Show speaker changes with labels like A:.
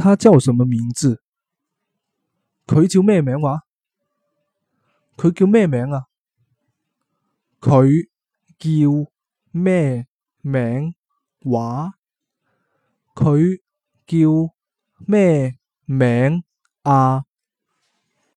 A: 他叫什麼名字？佢叫咩名話？佢叫咩名，叫名，叫名，叫名啊？佢叫咩名話？佢叫咩名啊？